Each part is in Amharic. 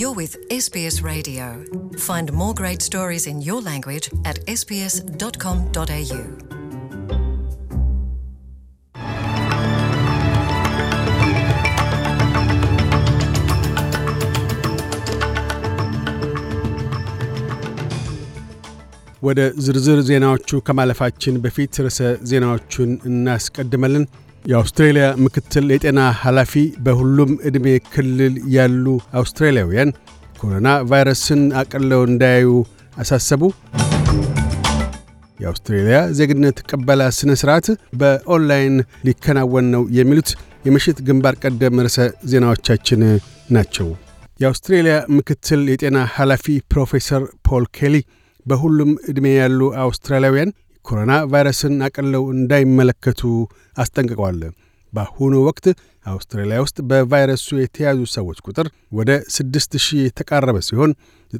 You're with SBS Radio. Find more great stories in your language at sbs.com.au. ወደ ዝርዝር ዜናዎቹ ከማለፋችን በፊት ርዕሰ ዜናዎቹን እናስቀድመልን። የአውስትሬልያ ምክትል የጤና ኃላፊ በሁሉም ዕድሜ ክልል ያሉ አውስትራሊያውያን ኮሮና ቫይረስን አቅለው እንዳያዩ አሳሰቡ። የአውስትሬልያ ዜግነት ቅበላ ሥነ ሥርዓት በኦንላይን ሊከናወን ነው የሚሉት የምሽት ግንባር ቀደም ርዕሰ ዜናዎቻችን ናቸው። የአውስትሬልያ ምክትል የጤና ኃላፊ ፕሮፌሰር ፖል ኬሊ በሁሉም ዕድሜ ያሉ አውስትራሊያውያን ኮሮና ቫይረስን አቅለው እንዳይመለከቱ አስጠንቅቀዋል። በአሁኑ ወቅት አውስትራሊያ ውስጥ በቫይረሱ የተያዙ ሰዎች ቁጥር ወደ 6000 የተቃረበ ሲሆን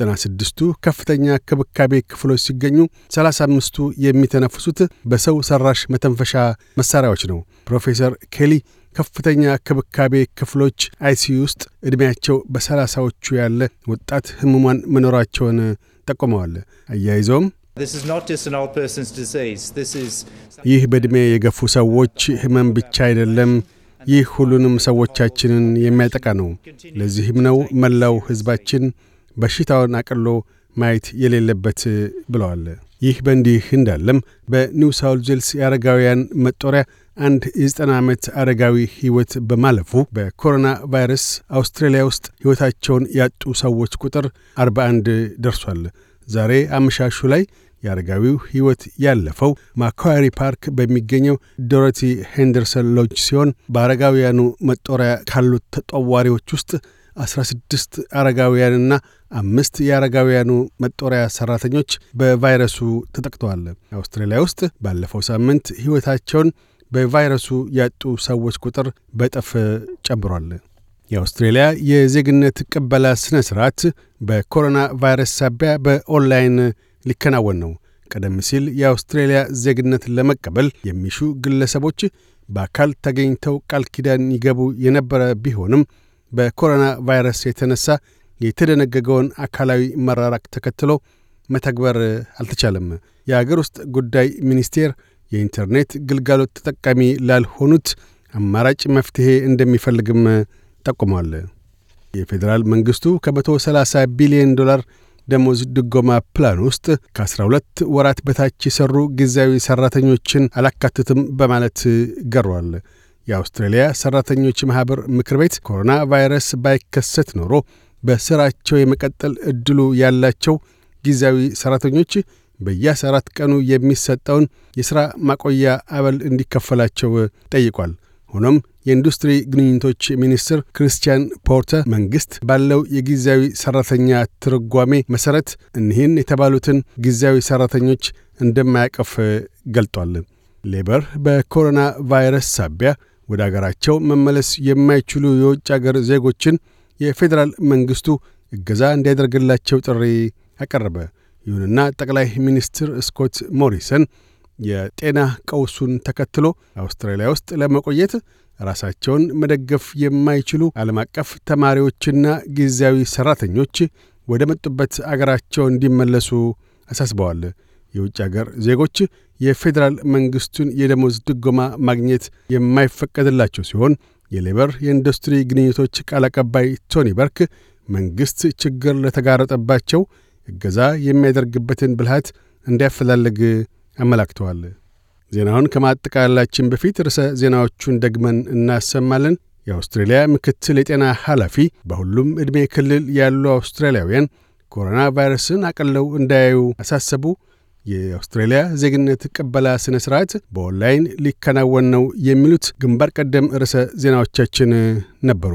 96ቱ ከፍተኛ ክብካቤ ክፍሎች ሲገኙ 35ቱ የሚተነፍሱት በሰው ሰራሽ መተንፈሻ መሳሪያዎች ነው። ፕሮፌሰር ኬሊ ከፍተኛ ክብካቤ ክፍሎች አይሲዩ ውስጥ ዕድሜያቸው በሰላሳዎቹ ያለ ወጣት ህሙማን መኖራቸውን ጠቁመዋል። አያይዘውም ይህ በዕድሜ የገፉ ሰዎች ሕመም ብቻ አይደለም። ይህ ሁሉንም ሰዎቻችንን የሚያጠቃ ነው። ለዚህም ነው መላው ሕዝባችን በሽታውን አቅሎ ማየት የሌለበት ብለዋል። ይህ በእንዲህ እንዳለም በኒው ሳውዝ ዌልስ የአረጋውያን መጦሪያ አንድ የዘጠና ዓመት አረጋዊ ሕይወት በማለፉ በኮሮና ቫይረስ አውስትራሊያ ውስጥ ሕይወታቸውን ያጡ ሰዎች ቁጥር 41 ደርሷል። ዛሬ አመሻሹ ላይ የአረጋዊው ሕይወት ያለፈው ማኳሪ ፓርክ በሚገኘው ዶሮቲ ሄንደርሰን ሎጅ ሲሆን በአረጋውያኑ መጦሪያ ካሉት ተጠዋሪዎች ውስጥ 16 አረጋውያንና አምስት የአረጋውያኑ መጦሪያ ሠራተኞች በቫይረሱ ተጠቅተዋል። አውስትራሊያ ውስጥ ባለፈው ሳምንት ሕይወታቸውን በቫይረሱ ያጡ ሰዎች ቁጥር በጠፍ ጨምሯል። የአውስትሬልያ የዜግነት ቅበላ ሥነ ሥርዓት በኮሮና ቫይረስ ሳቢያ በኦንላይን ሊከናወን ነው። ቀደም ሲል የአውስትሬልያ ዜግነት ለመቀበል የሚሹ ግለሰቦች በአካል ተገኝተው ቃል ኪዳን ይገቡ የነበረ ቢሆንም በኮሮና ቫይረስ የተነሳ የተደነገገውን አካላዊ መራራቅ ተከትሎ መተግበር አልተቻለም። የአገር ውስጥ ጉዳይ ሚኒስቴር የኢንተርኔት ግልጋሎት ተጠቃሚ ላልሆኑት አማራጭ መፍትሔ እንደሚፈልግም ጠቁሟል። የፌዴራል መንግሥቱ ከ130 ቢሊዮን ዶላር ደሞዝ ድጎማ ፕላን ውስጥ ከ12 ወራት በታች የሰሩ ጊዜያዊ ሠራተኞችን አላካትትም በማለት ገሯል። የአውስትሬልያ ሠራተኞች ማኅበር ምክር ቤት ኮሮና ቫይረስ ባይከሰት ኖሮ በሥራቸው የመቀጠል ዕድሉ ያላቸው ጊዜያዊ ሠራተኞች በየአራት ቀኑ የሚሰጠውን የሥራ ማቆያ አበል እንዲከፈላቸው ጠይቋል። ሆኖም የኢንዱስትሪ ግንኙነቶች ሚኒስትር ክርስቲያን ፖርተ መንግስት ባለው የጊዜያዊ ሰራተኛ ትርጓሜ መሰረት እኒህን የተባሉትን ጊዜያዊ ሰራተኞች እንደማያቀፍ ገልጧል። ሌበር በኮሮና ቫይረስ ሳቢያ ወደ አገራቸው መመለስ የማይችሉ የውጭ አገር ዜጎችን የፌዴራል መንግስቱ እገዛ እንዲያደርግላቸው ጥሪ አቀረበ። ይሁንና ጠቅላይ ሚኒስትር ስኮት ሞሪሰን የጤና ቀውሱን ተከትሎ አውስትራሊያ ውስጥ ለመቆየት ራሳቸውን መደገፍ የማይችሉ ዓለም አቀፍ ተማሪዎችና ጊዜያዊ ሠራተኞች ወደ መጡበት አገራቸው እንዲመለሱ አሳስበዋል። የውጭ አገር ዜጎች የፌዴራል መንግሥቱን የደሞዝ ድጎማ ማግኘት የማይፈቀድላቸው ሲሆን የሌበር የኢንዱስትሪ ግንኙቶች ቃል አቀባይ ቶኒ በርክ መንግሥት ችግር ለተጋረጠባቸው እገዛ የሚያደርግበትን ብልሃት እንዲያፈላልግ አመላክተዋል። ዜናውን ከማጠቃላችን በፊት ርዕሰ ዜናዎቹን ደግመን እናሰማለን። የአውስትሬልያ ምክትል የጤና ኃላፊ በሁሉም ዕድሜ ክልል ያሉ አውስትራሊያውያን ኮሮና ቫይረስን አቀለው እንዳያዩ አሳሰቡ። የአውስትሬልያ ዜግነት ቅበላ ሥነ ሥርዓት በኦንላይን ሊከናወን ነው። የሚሉት ግንባር ቀደም ርዕሰ ዜናዎቻችን ነበሩ።